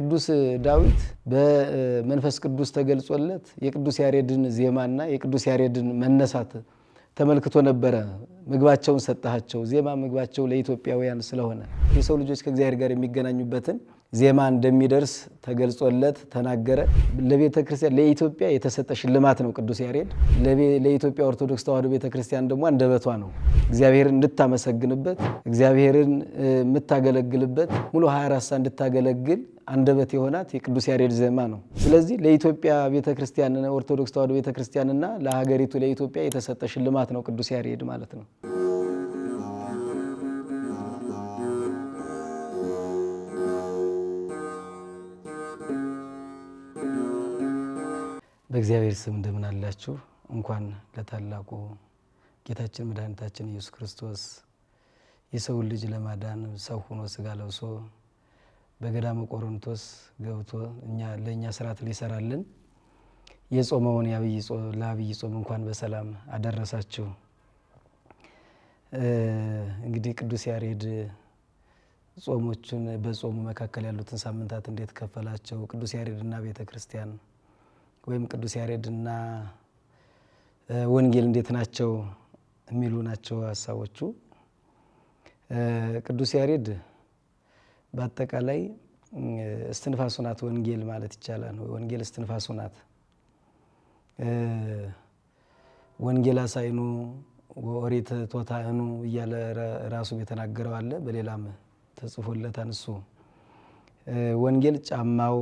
ቅዱስ ዳዊት በመንፈስ ቅዱስ ተገልጾለት የቅዱስ ያሬድን ዜማና የቅዱስ ያሬድን መነሳት ተመልክቶ ነበረ። ምግባቸውን ሰጠሃቸው። ዜማ ምግባቸው ለኢትዮጵያውያን ስለሆነ የሰው ልጆች ከእግዚአብሔር ጋር የሚገናኙበትን ዜማ እንደሚደርስ ተገልጾለት ተናገረ። ለቤተ ክርስቲያን ለኢትዮጵያ የተሰጠ ሽልማት ነው ቅዱስ ያሬድ። ለኢትዮጵያ ኦርቶዶክስ ተዋሕዶ ቤተ ክርስቲያን ደግሞ አንደበቷ ነው። እግዚአብሔርን እንድታመሰግንበት፣ እግዚአብሔርን የምታገለግልበት ሙሉ 24 እንድታገለግል አንደበት የሆናት የቅዱስ ያሬድ ዜማ ነው። ስለዚህ ለኢትዮጵያ ቤተክርስቲያን ኦርቶዶክስ ተዋሕዶ ቤተክርስቲያንና ለሀገሪቱ ለኢትዮጵያ የተሰጠ ሽልማት ነው ቅዱስ ያሬድ ማለት ነው። በእግዚአብሔር ስም እንደምን አላችሁ? እንኳን ለታላቁ ጌታችን መድኃኒታችን ኢየሱስ ክርስቶስ የሰውን ልጅ ለማዳን ሰው ሆኖ ስጋ ለብሶ በገዳመ ቆሮንቶስ ገብቶ እኛ ለእኛ ስርዓት ሊሰራልን የጾመውን ለአብይ ጾም እንኳን በሰላም አደረሳችሁ። እንግዲህ ቅዱስ ያሬድ ጾሞቹን በጾሙ መካከል ያሉትን ሳምንታት እንዴት ከፈላቸው? ቅዱስ ያሬድና ቤተ ክርስቲያን ወይም ቅዱስ ያሬድና ወንጌል እንዴት ናቸው የሚሉ ናቸው ሀሳቦቹ። ቅዱስ ያሬድ በአጠቃላይ እስትንፋሱ ናት ወንጌል ማለት ይቻላል። ወንጌል እስትንፋሱ ናት። ወንጌል አሳይኑ ወኦሪት ቶታእኑ እያለ ራሱ የተናገረው አለ። በሌላም ተጽፎለታል እሱ ወንጌል ጫማው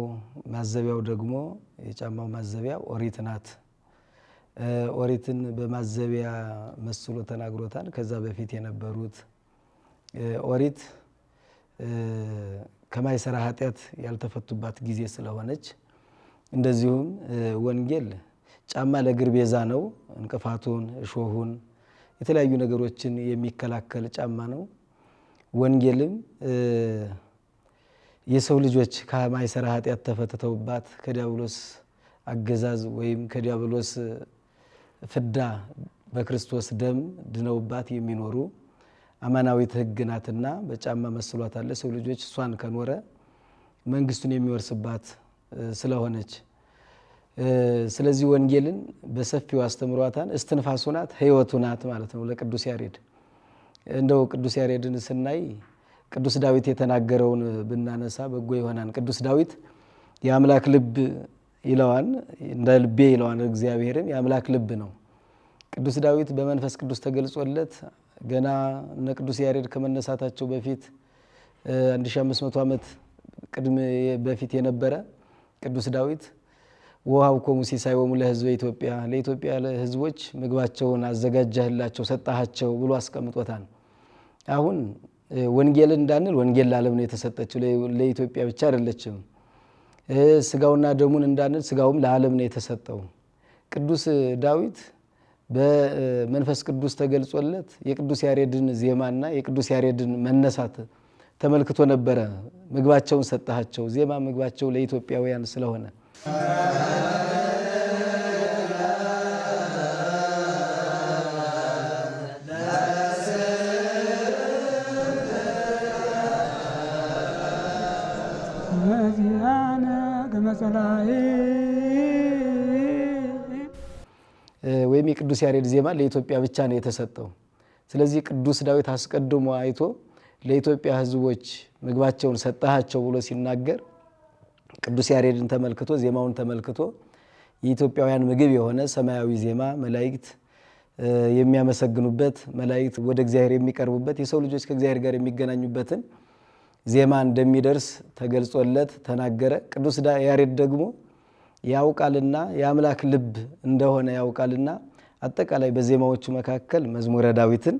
ማዘቢያው ደግሞ የጫማው ማዘቢያ ኦሪት ናት። ኦሪትን በማዘቢያ መስሎ ተናግሮታል። ከዛ በፊት የነበሩት ኦሪት ከማይሰራ ኃጢአት ያልተፈቱባት ጊዜ ስለሆነች እንደዚሁም ወንጌል ጫማ ለእግር ቤዛ ነው። እንቅፋቱን፣ እሾሁን፣ የተለያዩ ነገሮችን የሚከላከል ጫማ ነው። ወንጌልም የሰው ልጆች ከማይሰራ ኃጢአት ተፈትተውባት ከዲያብሎስ አገዛዝ ወይም ከዲያብሎስ ፍዳ በክርስቶስ ደም ድነውባት የሚኖሩ አማናዊት ህግ ናትና በጫማ መስሏታል። ሰው ልጆች እሷን ከኖረ መንግስቱን የሚወርስባት ስለሆነች፣ ስለዚህ ወንጌልን በሰፊው አስተምሯታን እስትንፋሱ ናት፣ ህይወቱ ናት ማለት ነው ለቅዱስ ያሬድ። እንደው ቅዱስ ያሬድን ስናይ ቅዱስ ዳዊት የተናገረውን ብናነሳ በጎ ይሆናል። ቅዱስ ዳዊት የአምላክ ልብ ይለዋል፣ እንደ ልቤ ይለዋል እግዚአብሔርን። የአምላክ ልብ ነው ቅዱስ ዳዊት በመንፈስ ቅዱስ ተገልጾለት ገና እነ ቅዱስ ያሬድ ከመነሳታቸው በፊት 1500 ዓመት ቅድም በፊት የነበረ ቅዱስ ዳዊት ወሀብኮሙ ሲሳዮሙ ለህዝበ ኢትዮጵያ ለኢትዮጵያ ህዝቦች ምግባቸውን አዘጋጀህላቸው ሰጣሃቸው ብሎ አስቀምጦታል። አሁን ወንጌል እንዳንል ወንጌል ለዓለም ነው የተሰጠችው፣ ለኢትዮጵያ ብቻ አይደለችም። ስጋውና ደሙን እንዳንል ስጋውም ለዓለም ነው የተሰጠው። ቅዱስ ዳዊት በመንፈስ ቅዱስ ተገልጾለት የቅዱስ ያሬድን ዜማና የቅዱስ ያሬድን መነሳት ተመልክቶ ነበረ። ምግባቸውን ሰጠሃቸው። ዜማ ምግባቸው ለኢትዮጵያውያን ስለሆነ ገመጸላይ ወይም የቅዱስ ያሬድ ዜማ ለኢትዮጵያ ብቻ ነው የተሰጠው። ስለዚህ ቅዱስ ዳዊት አስቀድሞ አይቶ ለኢትዮጵያ ሕዝቦች ምግባቸውን ሰጠሃቸው ብሎ ሲናገር ቅዱስ ያሬድን ተመልክቶ ዜማውን ተመልክቶ የኢትዮጵያውያን ምግብ የሆነ ሰማያዊ ዜማ መላእክት የሚያመሰግኑበት መላእክት ወደ እግዚአብሔር የሚቀርቡበት የሰው ልጆች ከእግዚአብሔር ጋር የሚገናኙበትን ዜማ እንደሚደርስ ተገልጾለት ተናገረ። ቅዱስ ያሬድ ደግሞ ያውቃልና የአምላክ ልብ እንደሆነ ያውቃልና አጠቃላይ በዜማዎቹ መካከል መዝሙረ ዳዊትን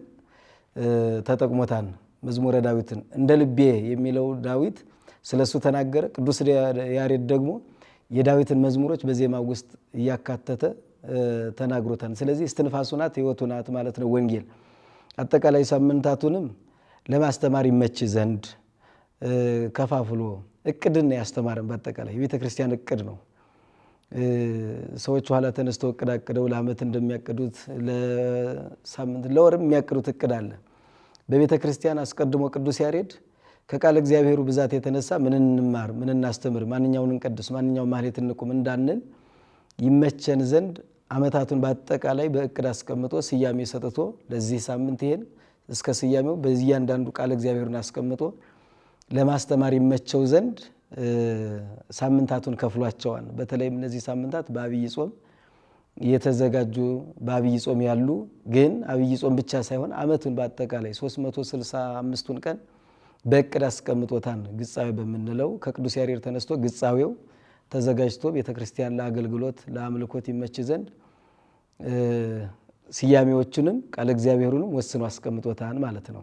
ተጠቅሞታል። መዝሙረ ዳዊትን እንደ ልቤ የሚለው ዳዊት ስለሱ ተናገረ። ቅዱስ ያሬድ ደግሞ የዳዊትን መዝሙሮች በዜማ ውስጥ እያካተተ ተናግሮታል። ስለዚህ እስትንፋሱ ናት ህይወቱ ናት ማለት ነው ወንጌል። አጠቃላይ ሳምንታቱንም ለማስተማር ይመች ዘንድ ከፋፍሎ እቅድን ያስተማረን። በአጠቃላይ የቤተ ክርስቲያን እቅድ ነው። ሰዎች ኋላ ተነስተው እቅድ አቅደው ለዓመት እንደሚያቅዱት ለሳምንት ለወር የሚያቅዱት እቅድ አለ። በቤተ ክርስቲያን አስቀድሞ ቅዱስ ያሬድ ከቃል እግዚአብሔሩ ብዛት የተነሳ ምን እንማር፣ ምን እናስተምር፣ ማንኛውን እንቀድስ፣ ማንኛውን ማህሌት እንቁም እንዳንል ይመቸን ዘንድ አመታቱን በአጠቃላይ በእቅድ አስቀምጦ ስያሜ ሰጥቶ ለዚህ ሳምንት ይሄን እስከ ስያሜው በእያንዳንዱ ቃል እግዚአብሔሩን አስቀምጦ ለማስተማር ይመቸው ዘንድ ሳምንታቱን ከፍሏቸዋል። በተለይም እነዚህ ሳምንታት በአብይ ጾም የተዘጋጁ በአብይ ጾም ያሉ ግን አብይ ጾም ብቻ ሳይሆን ዓመቱን በአጠቃላይ 365ቱን ቀን በእቅድ አስቀምጦታን ግጻዊ በምንለው ከቅዱስ ያሬድ ተነስቶ ግጻዌው ተዘጋጅቶ ቤተክርስቲያን ለአገልግሎት ለአምልኮት ይመች ዘንድ ስያሜዎቹንም ቃለ እግዚአብሔሩንም ወስኖ አስቀምጦታን ማለት ነው።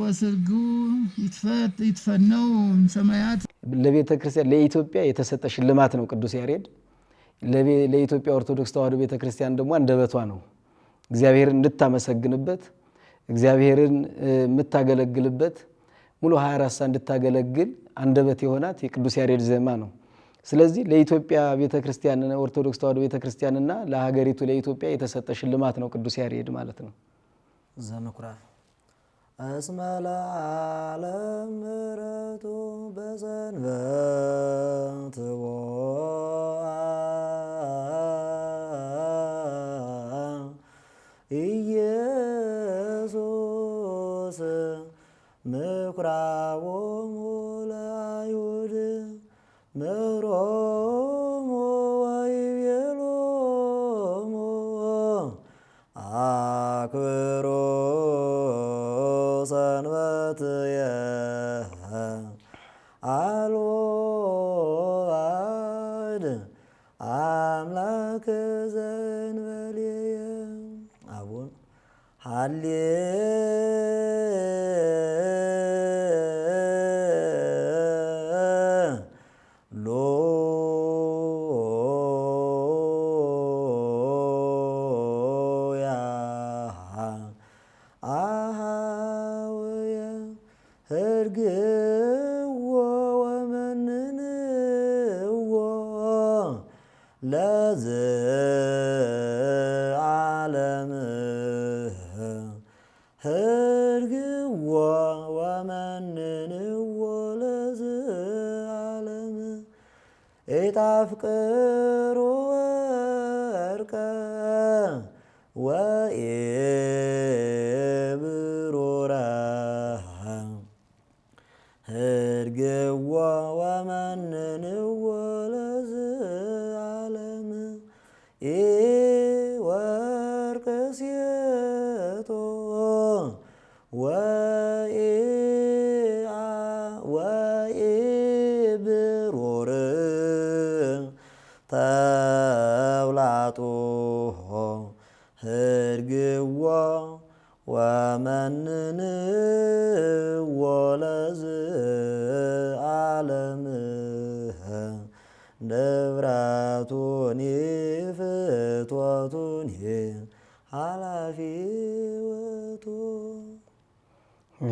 ወስርጉ ይትፈነው ሰማያት ለቤተ ክርስቲያን ለኢትዮጵያ የተሰጠ ሽልማት ነው። ቅዱስ ያሬድ ለኢትዮጵያ ኦርቶዶክስ ተዋህዶ ቤተ ክርስቲያን ደግሞ አንደበቷ ነው። እግዚአብሔርን እንድታመሰግንበት፣ እግዚአብሔርን የምታገለግልበት ሙሉ 24 ሰዓት እንድታገለግል አንደበት የሆናት የቅዱስ ያሬድ ዜማ ነው። ስለዚህ ለኢትዮጵያ ቤተ ክርስቲያን ኦርቶዶክስ ተዋሕዶ ቤተ ክርስቲያንና ለሀገሪቱ ለኢትዮጵያ የተሰጠ ሽልማት ነው ቅዱስ ያሬድ ማለት ነው። ዘመኩራ እስመ ለዓለም ምሕረቱ በሰንበት ኢየሱስ ምኩራቦ ለዘዓለም ህርግዎ ወመንንዎ ለዘዓለም ኢጣፍቅሮ ወርቀ ወኢ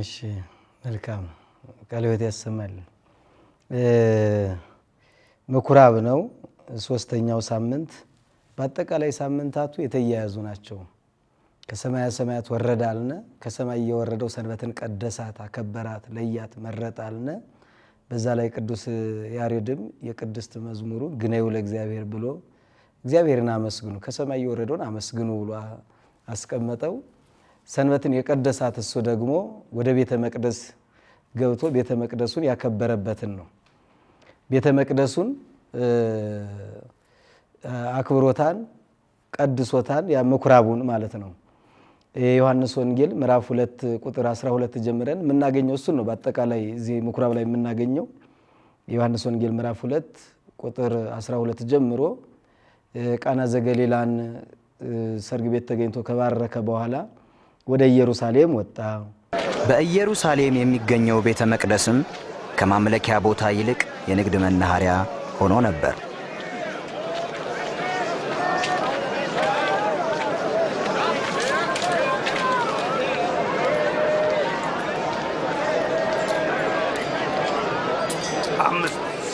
እሺ መልካም ቃለ ሕይወት ያሰማል። ምኩራብ ነው ሶስተኛው ሳምንት። በአጠቃላይ ሳምንታቱ የተያያዙ ናቸው። ከሰማያ ሰማያት ወረደ አልነ። ከሰማይ እየወረደው ሰንበትን ቀደሳት፣ አከበራት፣ ለያት፣ መረጣልነ አልነ። በዛ ላይ ቅዱስ ያሬድም የቅድስት መዝሙሩን ግነዩ ለእግዚአብሔር ብሎ እግዚአብሔርን አመስግኑ ከሰማይ እየወረደውን አመስግኑ ብሎ አስቀመጠው። ሰንበትን የቀደሳት እሱ ደግሞ ወደ ቤተ መቅደስ ገብቶ ቤተ መቅደሱን ያከበረበትን ነው። ቤተ መቅደሱን አክብሮታን፣ ቀድሶታን፣ ያ ምኩራቡን ማለት ነው። የዮሐንስ ወንጌል ምዕራፍ ሁለት ቁጥር 12 ጀምረን የምናገኘው እሱን ነው። በአጠቃላይ እዚህ ምኩራብ ላይ የምናገኘው የዮሐንስ ወንጌል ምዕራፍ ሁለት ቁጥር 12 ጀምሮ ቃና ዘገሊላን ሰርግ ቤት ተገኝቶ ከባረከ በኋላ ወደ ኢየሩሳሌም ወጣ። በኢየሩሳሌም የሚገኘው ቤተ መቅደስም ከማምለኪያ ቦታ ይልቅ የንግድ መናኸሪያ ሆኖ ነበር።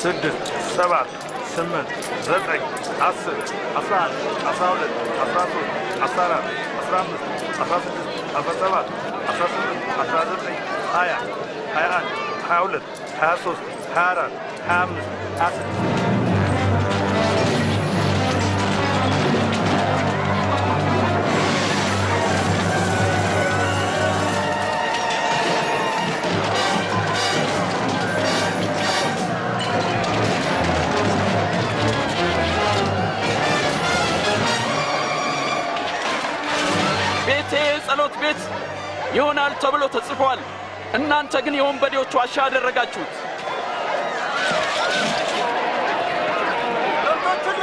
ስድስት፣ ሰባት፣ ስምንት፣ ዘጠኝ፣ አስር፣ አስራ አንድ፣ አስራ ሁለት፣ አስራ ሶስት፣ አስራ አራት፣ አስራ አምስት፣ አስራ ስድስት أفصلت أفصلت أفصلت هايا هايا أنت هاولد هاسوس هاران هامس هاسوس ቤቴ የጸሎት ቤት ይሆናል ተብሎ ተጽፏል፣ እናንተ ግን የወንበዴዎች ዋሻ አደረጋችሁት። ከብቶቹን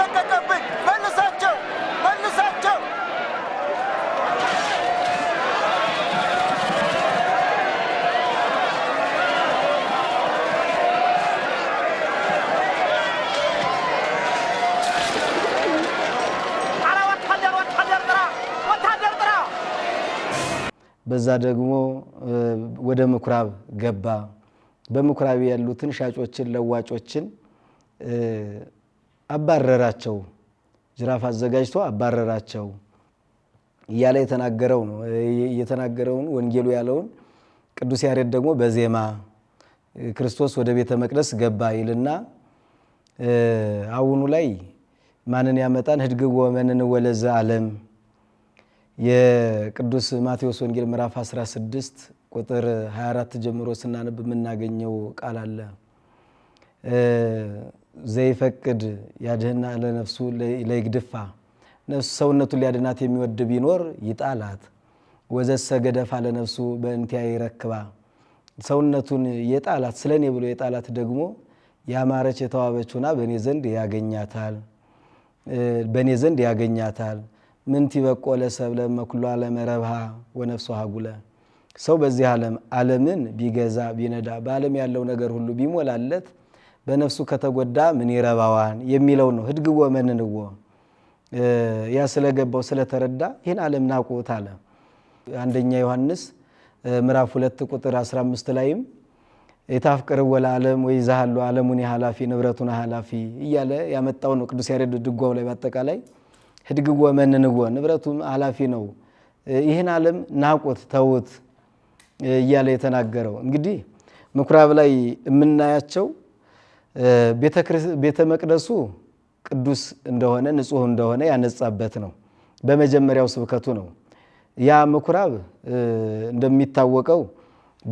በዛ ደግሞ ወደ ምኩራብ ገባ። በምኩራብ ያሉትን ሻጮችን፣ ለዋጮችን አባረራቸው። ጅራፍ አዘጋጅቶ አባረራቸው እያለ የተናገረው ነው የተናገረውን ወንጌሉ ያለውን ቅዱስ ያሬድ ደግሞ በዜማ ክርስቶስ ወደ ቤተ መቅደስ ገባ ይልና አሁኑ ላይ ማንን ያመጣን ህድግ ወመንን ወለዘ አለም የቅዱስ ማቴዎስ ወንጌል ምዕራፍ 16 ቁጥር 24 ጀምሮ ስናነብ የምናገኘው ቃል አለ። ዘይፈቅድ ያድህና ለነፍሱ ለይግድፋ ነፍሱ ሰውነቱን ሊያድናት የሚወድ ቢኖር ይጣላት። ወዘሰ ገደፋ ለነፍሱ በእንቲያ ይረክባ ሰውነቱን የጣላት ስለኔ ብሎ የጣላት ደግሞ ያማረች የተዋበች ሆና በእኔ ዘንድ ያገኛታል በእኔ ዘንድ ያገኛታል ምንቲ በቆለ ሰብ መኩሎ ዓለም ረብሃ ወነፍሶ ሀጉለ ሰው በዚህ ዓለም ዓለምን ቢገዛ ቢነዳ በዓለም ያለው ነገር ሁሉ ቢሞላለት በነፍሱ ከተጎዳ ምን ይረባዋን የሚለው ነው። ህድግዎ መንንዎ ያ ስለገባው ስለተረዳ ይህን ዓለም ናቁት አለ። አንደኛ ዮሐንስ ምዕራፍ ሁለት ቁጥር 15 ላይም የታፍቅር ወለ ዓለም ወይ ዛሃሉ ዓለሙን ኃላፊ ንብረቱን ኃላፊ እያለ ያመጣው ነው ቅዱስ ያሬድ ድጓው ላይ በአጠቃላይ ህድግዎ መንንጎ ንብረቱም ኃላፊ ነው። ይህን ዓለም ናቁት ተዉት እያለ የተናገረው እንግዲህ ምኩራብ ላይ የምናያቸው ቤተ መቅደሱ ቅዱስ እንደሆነ ንጹህ እንደሆነ ያነጻበት ነው። በመጀመሪያው ስብከቱ ነው። ያ ምኩራብ እንደሚታወቀው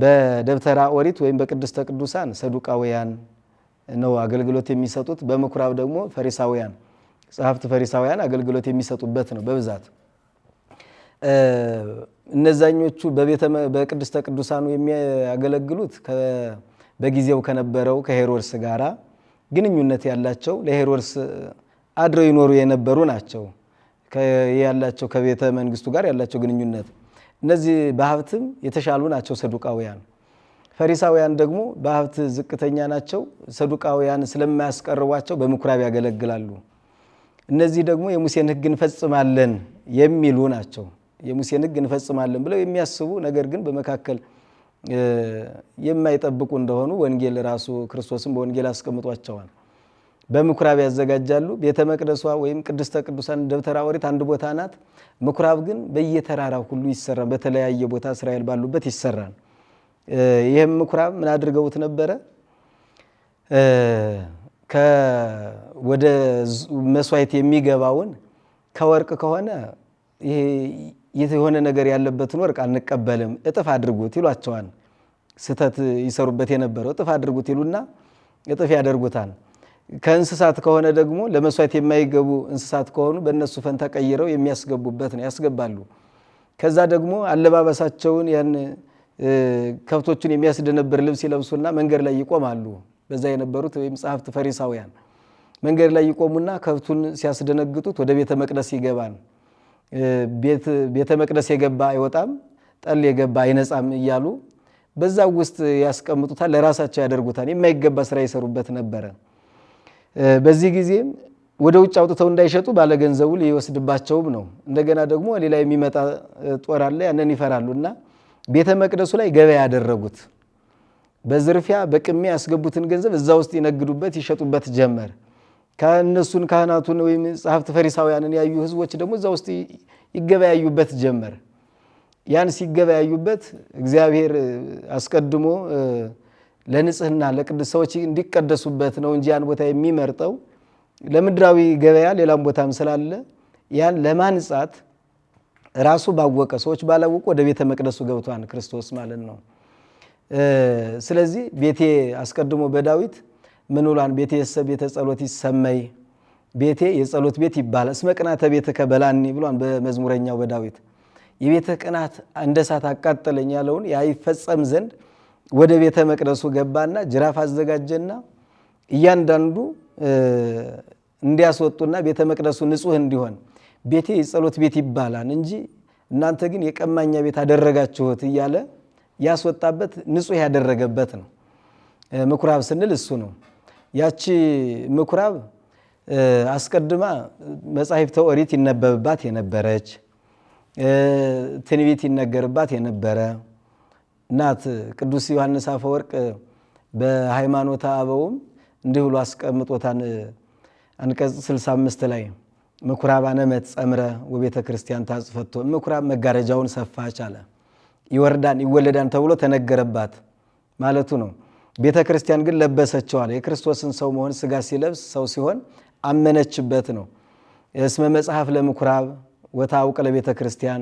በደብተራ ኦሪት ወይም በቅድስተ ቅዱሳን ሰዱቃውያን ነው አገልግሎት የሚሰጡት። በምኩራብ ደግሞ ፈሪሳውያን ጸሐፍት ፈሪሳውያን አገልግሎት የሚሰጡበት ነው በብዛት እነዛኞቹ በቅድስተ ቅዱሳኑ የሚያገለግሉት በጊዜው ከነበረው ከሄሮድስ ጋራ ግንኙነት ያላቸው ለሄሮድስ አድረው ይኖሩ የነበሩ ናቸው ያላቸው ከቤተ መንግስቱ ጋር ያላቸው ግንኙነት እነዚህ በሀብትም የተሻሉ ናቸው ሰዱቃውያን ፈሪሳውያን ደግሞ በሀብት ዝቅተኛ ናቸው ሰዱቃውያን ስለማያስቀርቧቸው በምኩራብ ያገለግላሉ እነዚህ ደግሞ የሙሴን ሕግ እንፈጽማለን የሚሉ ናቸው። የሙሴን ሕግ እንፈጽማለን ብለው የሚያስቡ ነገር ግን በመካከል የማይጠብቁ እንደሆኑ ወንጌል ራሱ ክርስቶስም በወንጌል አስቀምጧቸዋል። በምኩራብ ያዘጋጃሉ። ቤተ መቅደሷ ወይም ቅድስተ ቅዱሳን ደብተራ ኦሪት አንድ ቦታ ናት። ምኩራብ ግን በየተራራው ሁሉ ይሰራል። በተለያየ ቦታ እስራኤል ባሉበት ይሰራል። ይህም ምኩራብ ምን አድርገውት ነበረ? ወደ መስዋዕት የሚገባውን ከወርቅ ከሆነ የሆነ ነገር ያለበትን ወርቅ አንቀበልም፣ እጥፍ አድርጉት ይሏቸዋል። ስህተት ይሰሩበት የነበረው እጥፍ አድርጉት ይሉና እጥፍ ያደርጉታል። ከእንስሳት ከሆነ ደግሞ ለመስዋዕት የማይገቡ እንስሳት ከሆኑ በእነሱ ፈንታ ቀይረው የሚያስገቡበት ነው፣ ያስገባሉ። ከዛ ደግሞ አለባበሳቸውን ያን ከብቶቹን የሚያስደነብር ልብስ ይለብሱና መንገድ ላይ ይቆማሉ። በዛ የነበሩት ወይም ጸሐፍት ፈሪሳውያን መንገድ ላይ ይቆሙና ከብቱን ሲያስደነግጡት ወደ ቤተ መቅደስ ይገባል። ቤተ መቅደስ የገባ አይወጣም፣ ጠል የገባ አይነጻም እያሉ በዛ ውስጥ ያስቀምጡታል፣ ለራሳቸው ያደርጉታል። የማይገባ ስራ ይሰሩበት ነበረ። በዚህ ጊዜ ወደ ውጭ አውጥተው እንዳይሸጡ ባለገንዘቡ ሊወስድባቸውም ነው። እንደገና ደግሞ ሌላ የሚመጣ ጦር አለ፣ ያንን ይፈራሉ እና ቤተ መቅደሱ ላይ ገበያ ያደረጉት በዝርፊያ በቅሚያ ያስገቡትን ገንዘብ እዛ ውስጥ ይነግዱበት ይሸጡበት ጀመር። ከእነሱን ካህናቱን ወይም ጸሐፍት ፈሪሳውያንን ያዩ ህዝቦች ደግሞ እዛ ውስጥ ይገበያዩበት ጀመር። ያን ሲገበያዩበት እግዚአብሔር አስቀድሞ ለንጽህና ለቅዱስ ሰዎች እንዲቀደሱበት ነው እንጂ ያን ቦታ የሚመርጠው ለምድራዊ ገበያ ሌላም ቦታም ስላለ ያን ለማንጻት ራሱ ባወቀ ሰዎች ባላወቁ ወደ ቤተ መቅደሱ ገብቷን ክርስቶስ ማለት ነው። ስለዚህ ቤቴ አስቀድሞ በዳዊት ምን ቤቴ የሰብ ቤተ ጸሎት ይሰመይ ቤቴ የጸሎት ቤት ይባላል እስመ ቅናተ ቤትከ ከበላኒ ብሏን በመዝሙረኛው በዳዊት የቤተ ቅናት እንደ እሳት አቃጠለኝ ያለውን ያይፈጸም ዘንድ ወደ ቤተ መቅደሱ ገባና ጅራፍ አዘጋጀና እያንዳንዱ እንዲያስወጡና ቤተ መቅደሱ ንጹህ እንዲሆን ቤቴ የጸሎት ቤት ይባላል እንጂ እናንተ ግን የቀማኛ ቤት አደረጋችሁት እያለ ያስወጣበት ንጹህ ያደረገበት ነው። ምኩራብ ስንል እሱ ነው። ያቺ ምኩራብ አስቀድማ መጻሕፍተ ኦሪት ይነበብባት የነበረች ትንቢት ይነገርባት የነበረ ናት። ቅዱስ ዮሐንስ አፈወርቅ በሃይማኖተ አበውም እንዲህ ብሎ አስቀምጦታን አንቀጽ 65 ላይ ምኩራብ አነመት ጸምረ ወቤተ ክርስቲያን ታጽፈቶ ምኩራብ መጋረጃውን ሰፋች አለ። ይወርዳን ይወለዳን ተብሎ ተነገረባት ማለቱ ነው። ቤተ ክርስቲያን ግን ለበሰችዋል። የክርስቶስን ሰው መሆን ስጋ ሲለብስ ሰው ሲሆን አመነችበት ነው። እስመ መጽሐፍ ለምኩራብ ወታውቅ ለቤተ ክርስቲያን፣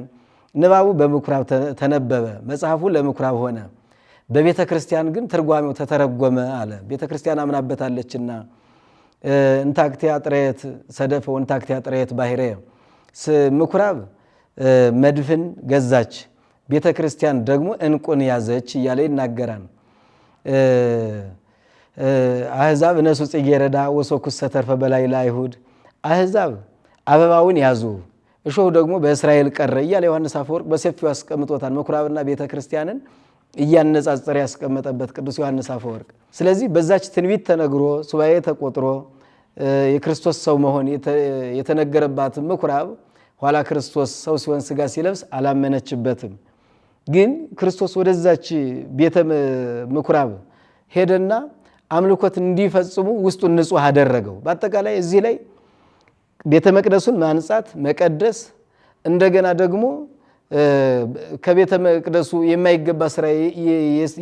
ንባቡ በምኩራብ ተነበበ፣ መጽሐፉ ለምኩራብ ሆነ። በቤተ ክርስቲያን ግን ትርጓሜው ተተረጎመ አለ። ቤተ ክርስቲያን አምናበታለችና እንታክቲያ ጥረየት ሰደፈው እንታክቲያ ጥረየት ባሕረ ምኩራብ መድፍን ገዛች ቤተ ክርስቲያን ደግሞ እንቁን ያዘች እያለ ይናገራል። አህዛብ እነሱ ጽጌረዳ ወሶኩስ ሰተርፈ በላይ ለአይሁድ አህዛብ አበባውን ያዙ እሾህ ደግሞ በእስራኤል ቀረ እያለ ዮሐንስ አፈወርቅ በሰፊው ያስቀምጦታል። ምኩራብና ቤተ ክርስቲያንን እያነጻጸረ ያስቀመጠበት ቅዱስ ዮሐንስ አፈወርቅ። ስለዚህ በዛች ትንቢት ተነግሮ ሱባኤ ተቆጥሮ የክርስቶስ ሰው መሆን የተነገረባትን ምኩራብ ኋላ ክርስቶስ ሰው ሲሆን ስጋ ሲለብስ አላመነችበትም። ግን ክርስቶስ ወደዛች ቤተ ምኩራብ ሄደና አምልኮት እንዲፈጽሙ ውስጡን ንጹህ አደረገው። በአጠቃላይ እዚህ ላይ ቤተ መቅደሱን ማንጻት፣ መቀደስ እንደገና ደግሞ ከቤተ መቅደሱ የማይገባ ስራ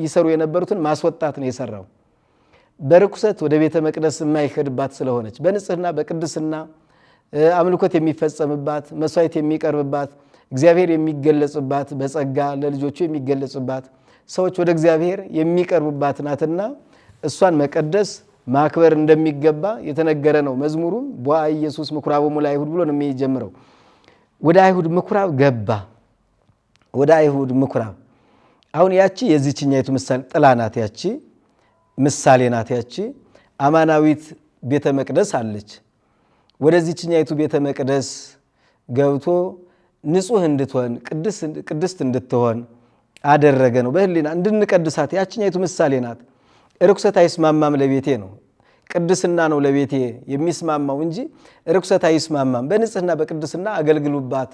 ይሰሩ የነበሩትን ማስወጣት ነው የሰራው። በርኩሰት ወደ ቤተ መቅደስ የማይሄድባት ስለሆነች በንጽህና በቅድስና አምልኮት የሚፈጸምባት መስዋዕት የሚቀርብባት እግዚአብሔር የሚገለጽባት በጸጋ ለልጆቹ የሚገለጽባት ሰዎች ወደ እግዚአብሔር የሚቀርቡባት ናትና እሷን መቀደስ ማክበር እንደሚገባ የተነገረ ነው። መዝሙሩም ቦአ ኢየሱስ ምኩራቦሙ ለአይሁድ ብሎ ነው የሚጀምረው። ወደ አይሁድ ምኩራብ ገባ። ወደ አይሁድ ምኩራብ አሁን ያቺ የዚችኛይቱ ምሳሌ ጥላ ናት። ያቺ ምሳሌ ናት። ያቺ አማናዊት ቤተ መቅደስ አለች። ወደዚችኛይቱ ቤተ መቅደስ ገብቶ ንጹህ እንድትሆን ቅድስት እንድትሆን አደረገ ነው። በህሊና እንድንቀድሳት ያችኛይቱ ምሳሌ ናት። ርኩሰት አይስማማም ለቤቴ ነው ቅድስና ነው ለቤቴ የሚስማማው እንጂ ርኩሰት አይስማማም። በንጽህና በቅድስና አገልግሉባት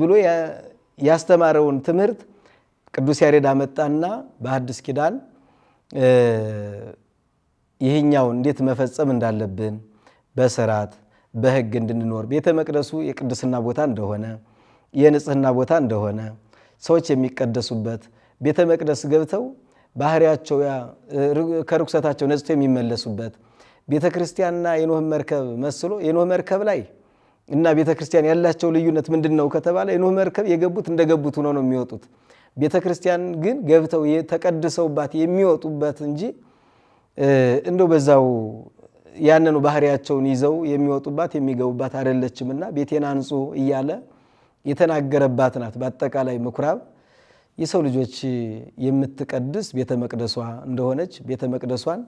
ብሎ ያስተማረውን ትምህርት ቅዱስ ያሬድ አመጣና በአዲስ ኪዳን ይህኛውን እንዴት መፈጸም እንዳለብን በስርዓት በህግ እንድንኖር ቤተ መቅደሱ የቅድስና ቦታ እንደሆነ የንጽህና ቦታ እንደሆነ ሰዎች የሚቀደሱበት ቤተ መቅደስ ገብተው ባህሪያቸው ከርኩሰታቸው ነጽተው የሚመለሱበት ቤተ ክርስቲያንና የኖህ መርከብ መስሎ የኖህ መርከብ ላይ እና ቤተ ክርስቲያን ያላቸው ልዩነት ምንድን ነው ከተባለ የኖህ መርከብ የገቡት እንደገቡት ሆነው ነው የሚወጡት። ቤተ ክርስቲያን ግን ገብተው ተቀድሰውባት የሚወጡበት እንጂ እንደው በዛው ያንኑ ባህሪያቸውን ይዘው የሚወጡባት የሚገቡባት አይደለችምና ቤቴን አንጹ እያለ የተናገረባት ናት። በአጠቃላይ ምኩራብ የሰው ልጆች የምትቀድስ ቤተ መቅደሷ እንደሆነች ቤተ መቅደሷን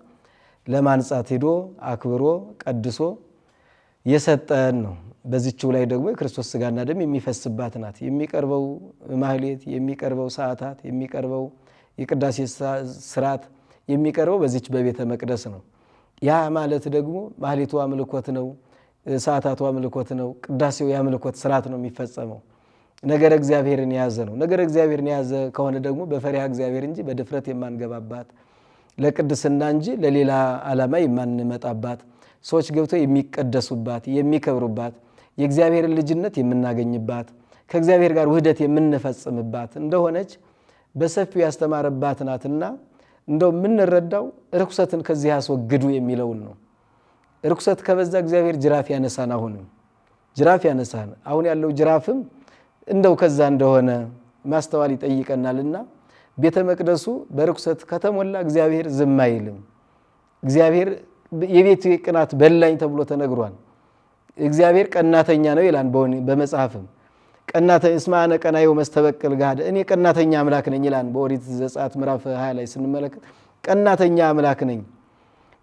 ለማንጻት ሄዶ አክብሮ ቀድሶ የሰጠን ነው። በዚችው ላይ ደግሞ የክርስቶስ ስጋና ደም የሚፈስባት ናት። የሚቀርበው ማህሌት፣ የሚቀርበው ሰዓታት፣ የሚቀርበው የቅዳሴ ስርዓት የሚቀርበው በዚች በቤተ መቅደስ ነው። ያ ማለት ደግሞ ማህሌቱ አምልኮት ነው፣ ሰዓታቱ አምልኮት ነው፣ ቅዳሴው የአምልኮት ስርዓት ነው የሚፈጸመው። ነገረ እግዚአብሔርን የያዘ ነው። ነገረ እግዚአብሔርን የያዘ ከሆነ ደግሞ በፈሪሃ እግዚአብሔር እንጂ በድፍረት የማንገባባት ለቅድስና እንጂ ለሌላ ዓላማ የማንመጣባት ሰዎች ገብተው የሚቀደሱባት የሚከብሩባት የእግዚአብሔርን ልጅነት የምናገኝባት ከእግዚአብሔር ጋር ውህደት የምንፈጽምባት እንደሆነች በሰፊው ያስተማረባት ናትና እንደው የምንረዳው ርኩሰትን ከዚህ ያስወግዱ የሚለውን ነው። ርኩሰት ከበዛ እግዚአብሔር ጅራፍ ያነሳን። አሁንም ጅራፍ ያነሳን። አሁን ያለው ጅራፍም እንደው ከዛ እንደሆነ ማስተዋል ይጠይቀናልና ቤተ መቅደሱ በርኩሰት ከተሞላ እግዚአብሔር ዝም አይልም። እግዚአብሔር የቤት ቅናት በላኝ ተብሎ ተነግሯል። እግዚአብሔር ቀናተኛ ነው ይላል በመጽሐፍም ቀናተ እስማነ ቀናዩ መስተበቅል ጋደ እኔ ቀናተኛ አምላክ ነኝ ይላል በኦሪት ዘጸአት ምዕራፍ 20 ላይ ስንመለከት ቀናተኛ አምላክ ነኝ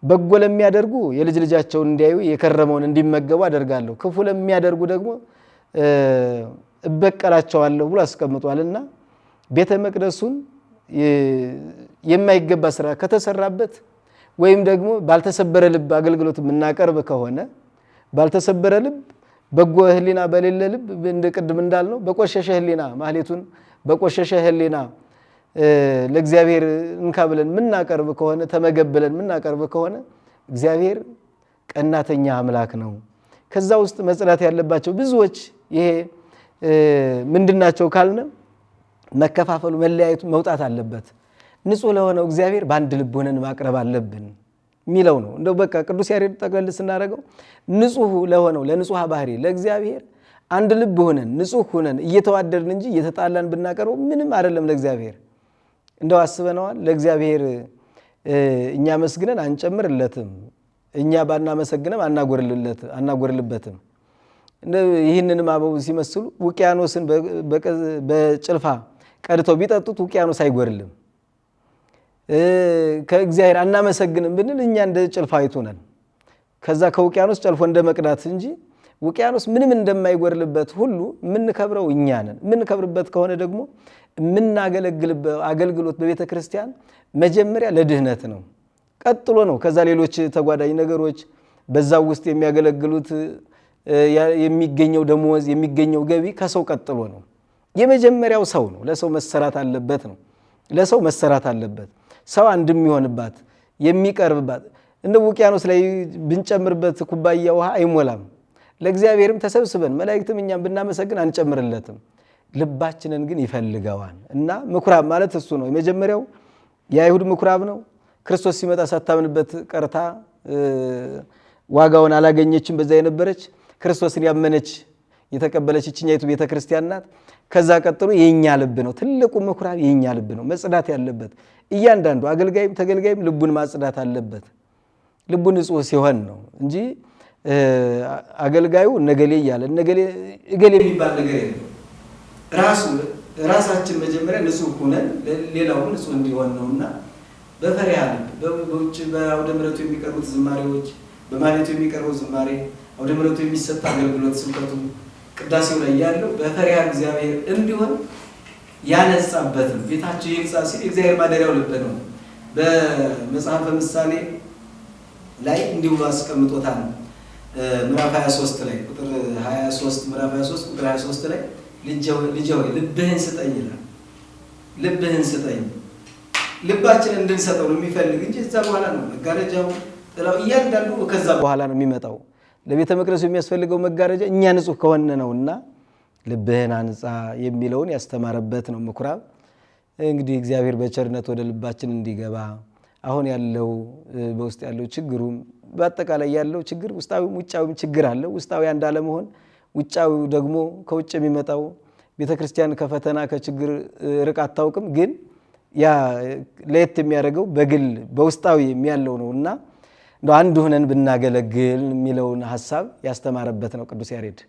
በጎ ለሚያደርጉ የልጅ ልጃቸውን እንዲያዩ የከረመውን እንዲመገቡ አደርጋለሁ ክፉ ለሚያደርጉ ደግሞ እበቀላቸዋለሁ ብሎ አስቀምጧልና ቤተ መቅደሱን የማይገባ ስራ ከተሰራበት ወይም ደግሞ ባልተሰበረ ልብ አገልግሎት የምናቀርብ ከሆነ ባልተሰበረ ልብ በጎ ህሊና በሌለ ልብ እንደ ቅድም እንዳልነው በቆሸሸ ህሊና ማህሌቱን በቆሸሸ ህሊና ለእግዚአብሔር እንካ ብለን ምናቀርብ ከሆነ ተመገብለን ምናቀርብ ከሆነ እግዚአብሔር ቀናተኛ አምላክ ነው። ከዛ ውስጥ መጽዳት ያለባቸው ብዙዎች ይሄ ምንድናቸው ካልነ መከፋፈሉ፣ መለያየቱ መውጣት አለበት። ንጹህ ለሆነው እግዚአብሔር በአንድ ልብ ሆነን ማቅረብ አለብን። የሚለው ነው። እንደው በቃ ቅዱስ ያሬድ ጠቅለል ስናደርገው ንጹህ ለሆነው ለንጹሐ ባህሪ ለእግዚአብሔር አንድ ልብ ሆነን ንጹህ ሆነን እየተዋደድን እንጂ እየተጣላን ብናቀርበው ምንም አይደለም። ለእግዚአብሔር እንደው አስበነዋል። ለእግዚአብሔር እኛ መስግነን አንጨምርለትም፣ እኛ ባናመሰግነም አናጎርልበትም። ይህንንም አበቡ ሲመስሉ ውቅያኖስን በጭልፋ ቀድተው ቢጠጡት ውቅያኖስ አይጎርልም። ከእግዚአብሔር አናመሰግንም ብንል እኛ እንደ ጭልፋ አይቱነን ከዛ ከውቅያኖስ ጨልፎ እንደ መቅዳት እንጂ ውቅያኖስ ምንም እንደማይጎድልበት ሁሉ የምንከብረው እኛ ነን። የምንከብርበት ከሆነ ደግሞ የምናገለግልበት አገልግሎት በቤተ ክርስቲያን መጀመሪያ ለድህነት ነው፣ ቀጥሎ ነው። ከዛ ሌሎች ተጓዳኝ ነገሮች በዛ ውስጥ የሚያገለግሉት የሚገኘው ደመወዝ የሚገኘው ገቢ ከሰው ቀጥሎ ነው። የመጀመሪያው ሰው ነው። ለሰው መሰራት አለበት ነው። ለሰው መሰራት አለበት። ሰው አንድ የሚሆንባት የሚቀርብባት እንደ ውቅያኖስ ላይ ብንጨምርበት ኩባያ ውሃ አይሞላም። ለእግዚአብሔርም ተሰብስበን መላእክትም እኛም ብናመሰግን አንጨምርለትም። ልባችንን ግን ይፈልገዋል እና ምኩራብ ማለት እሱ ነው። የመጀመሪያው የአይሁድ ምኩራብ ነው። ክርስቶስ ሲመጣ ሳታምንበት ቀርታ ዋጋውን አላገኘችም። በዛ የነበረች ክርስቶስን ያመነች የተቀበለች ይችኛይቱ ቤተ ክርስቲያን ናት። ከዛ ቀጥሎ የእኛ ልብ ነው። ትልቁ ምኩራብ የእኛ ልብ ነው መጽዳት ያለበት። እያንዳንዱ አገልጋይም ተገልጋይም ልቡን ማጽዳት አለበት። ልቡ ንጹህ ሲሆን ነው እንጂ አገልጋዩ እነገሌ እያለ እገሌ የሚባል ነገር የለም። ራሱ ራሳችን መጀመሪያ ንጹህ ሆነን ሌላው ንጹህ እንዲሆን ነው እና በፈሪሃ ልብ በውጭ በአውደ ምረቱ የሚቀርቡት ዝማሬዎች፣ በማለቱ የሚቀርበው ዝማሬ፣ አውደ ምረቱ የሚሰጥ አገልግሎት ስብከቱ ቅዳሴው ላይ ያለው በፈሪያ እግዚአብሔር እንዲሆን ያነጻበትም ፊታችሁ ይንጻ ሲል እግዚአብሔር ማደሪያው ልብ ነው። በመጽሐፈ ምሳሌ ላይ እንዲሁ አስቀምጦታል። ምዕራፍ 23 ላይ ቁጥር 23 ምዕራፍ 23 ቁጥር 23 ላይ ልጄ ሆይ ልብህን ስጠኝ ይላል። ልብህን ስጠኝ ልባችን እንድንሰጠው ነው የሚፈልግ እንጂ እዛ በኋላ ነው መጋረጃው ጥላው እያንዳንዱ ከዛ በኋላ ነው የሚመጣው። ለቤተ መቅደሱ የሚያስፈልገው መጋረጃ እኛ ንጹህ ከሆነ ነውና ልብህን አንጻ የሚለውን ያስተማረበት ነው ምኩራብ። እንግዲህ እግዚአብሔር በቸርነት ወደ ልባችን እንዲገባ አሁን ያለው በውስጥ ያለው ችግሩም በአጠቃላይ ያለው ችግር ውስጣዊም ውጫዊም ችግር አለ። ውስጣዊ አንድ አለመሆን፣ ውጫዊው ደግሞ ከውጭ የሚመጣው ቤተ ክርስቲያን ከፈተና ከችግር ርቅ አታውቅም። ግን ያ ለየት የሚያደርገው በግል በውስጣዊ የሚያለው ነው እና እንደ አንድ ሁነን ብናገለግል የሚለውን ሀሳብ ያስተማረበት ነው ቅዱስ ያሬድ።